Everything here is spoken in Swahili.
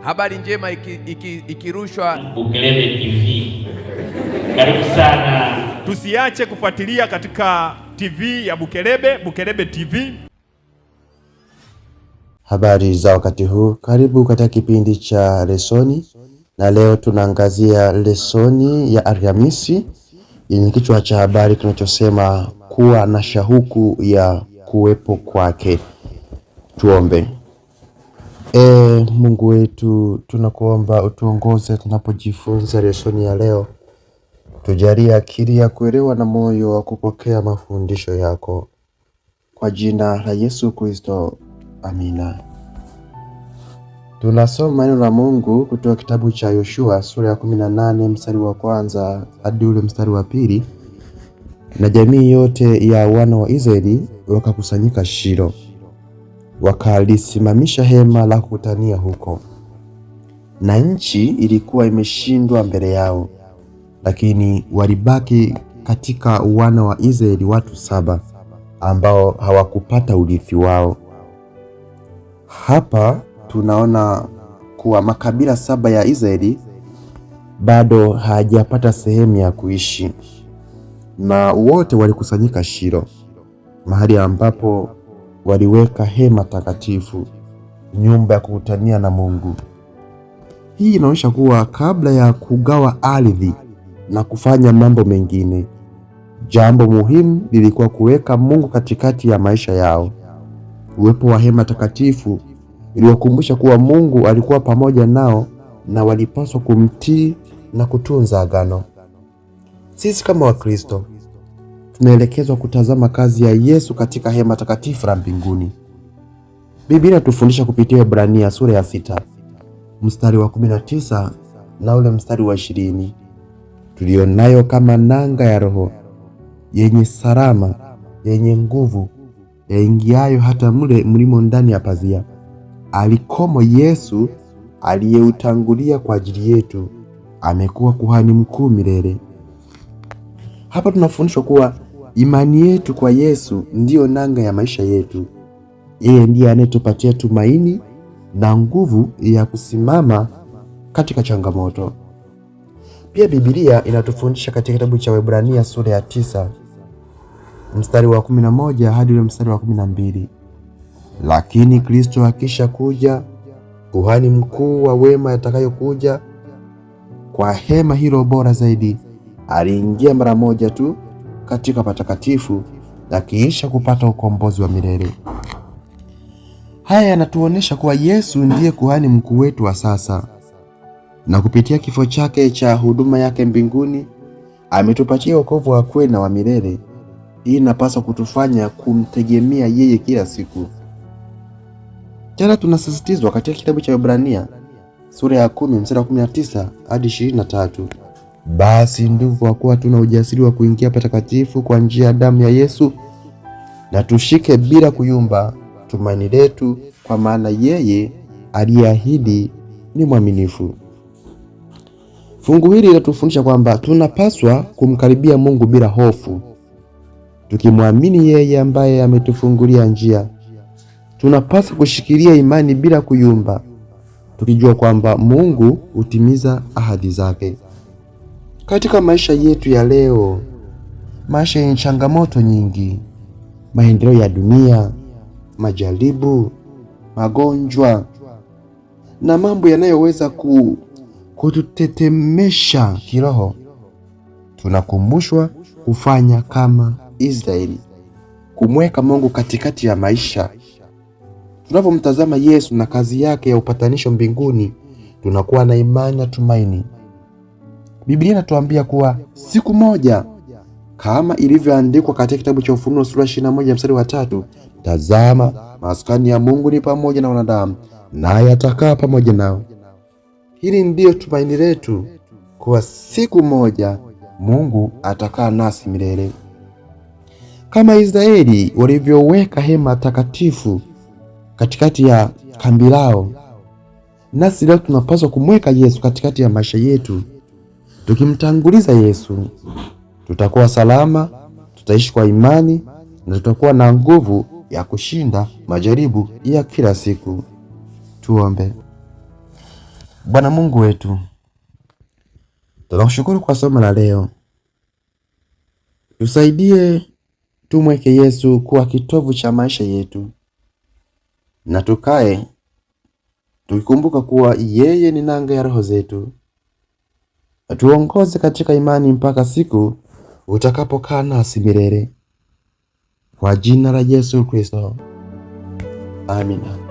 Habari njema ikirushwa iki, iki Bukelebe TV. Karibu sana, tusiache kufuatilia katika TV ya Bukelebe, Bukelebe TV. Habari za wakati huu, karibu katika kipindi cha lesoni, na leo tunaangazia lesoni ya Alhamisi yenye kichwa cha habari kinachosema kuwa na shauku ya kuwepo kwake. Tuombe. E, Mungu wetu, tunakuomba utuongoze tunapojifunza lesoni ya leo. Tujalie akili ya kuelewa na moyo wa kupokea mafundisho yako, kwa jina la Yesu Kristo, amina. Tunasoma neno la Mungu kutoka kitabu cha Yoshua sura ya 18 mstari wa kwanza hadi ule mstari wa pili. Na jamii yote ya wana wa Israeli wakakusanyika Shilo wakalisimamisha hema la kukutania huko, na nchi ilikuwa imeshindwa mbele yao, lakini walibaki katika wana wa Israeli watu saba ambao hawakupata urithi wao. Hapa tunaona kuwa makabila saba ya Israeli bado hajapata sehemu ya kuishi, na wote walikusanyika Shilo, mahali ambapo waliweka hema takatifu, nyumba ya kukutania na Mungu. Hii inaonyesha kuwa kabla ya kugawa ardhi na kufanya mambo mengine, jambo muhimu lilikuwa kuweka Mungu katikati ya maisha yao. Uwepo wa hema takatifu iliwakumbusha kuwa Mungu alikuwa pamoja nao na walipaswa kumtii na kutunza agano. Sisi kama Wakristo tunaelekezwa kutazama kazi ya Yesu katika hema takatifu la mbinguni. Biblia inatufundisha kupitia Ibrania sura ya sita mstari wa 19 na ule mstari wa ishirini tulionayo kama nanga ya roho yenye salama yenye nguvu yaingiayo hata mle mlimo ndani ya pazia alikomo Yesu aliyeutangulia kwa ajili yetu, amekuwa kuhani mkuu milele. Hapa tunafundishwa kuwa Imani yetu kwa Yesu ndiyo nanga ya maisha yetu. Yeye ndiye anayetupatia tumaini na nguvu ya kusimama katika changamoto. Pia Biblia inatufundisha katika kitabu cha Waebrania sura ya tisa mstari wa kumi na moja hadi ule mstari wa kumi na mbili lakini Kristo akisha kuja, kuhani mkuu wa wema atakayokuja kwa hema hilo bora zaidi, aliingia mara moja tu katika patakatifu akiisha kupata ukombozi wa milele. Haya yanatuonyesha kuwa Yesu ndiye kuhani mkuu wetu wa sasa, na kupitia kifo chake cha huduma yake mbinguni ametupatia wokovu wa kweli na wa milele. Hii inapaswa kutufanya kumtegemea yeye kila siku. Tena tunasisitizwa katika kitabu cha Ibrania sura ya 10 mstari wa 19 hadi 23. Basi ndugu, wakuwa tuna ujasiri wa kuingia patakatifu kwa njia ya damu ya Yesu, na tushike bila kuyumba tumaini letu, kwa maana yeye aliyeahidi ni mwaminifu. Fungu hili linatufundisha kwamba tunapaswa kumkaribia Mungu bila hofu, tukimwamini yeye ambaye ametufungulia njia. Tunapaswa kushikilia imani bila kuyumba, tukijua kwamba Mungu hutimiza ahadi zake. Katika maisha yetu ya leo, maisha yenye changamoto nyingi, maendeleo ya dunia, majaribu, magonjwa na mambo yanayoweza ku, kututetemesha kiroho, tunakumbushwa kufanya kama Israeli, kumweka Mungu katikati ya maisha. Tunapomtazama Yesu na kazi yake ya upatanisho mbinguni, tunakuwa na imani na tumaini. Biblia inatuambia kuwa siku moja kama ilivyoandikwa katika kitabu cha Ufunuo sura 21 mstari wa tatu, tazama maskani ya Mungu ni pamoja na wanadamu, naye atakaa pamoja nao. Hili ndiyo tumaini letu kuwa siku moja Mungu atakaa nasi milele. Kama Israeli walivyoweka hema takatifu katikati ya kambi lao, nasi leo tunapaswa kumweka Yesu katikati ya maisha yetu. Tukimtanguliza Yesu tutakuwa salama, tutaishi kwa imani na tutakuwa na nguvu ya kushinda majaribu ya kila siku. Tuombe. Bwana Mungu wetu, tunakushukuru kwa somo la leo, tusaidie tumweke Yesu kuwa kitovu cha maisha yetu, na tukae tukikumbuka kuwa yeye ni nanga ya roho zetu na tuongoze katika imani mpaka siku utakapokaa nasi milele, kwa jina la Yesu Kristo, amina.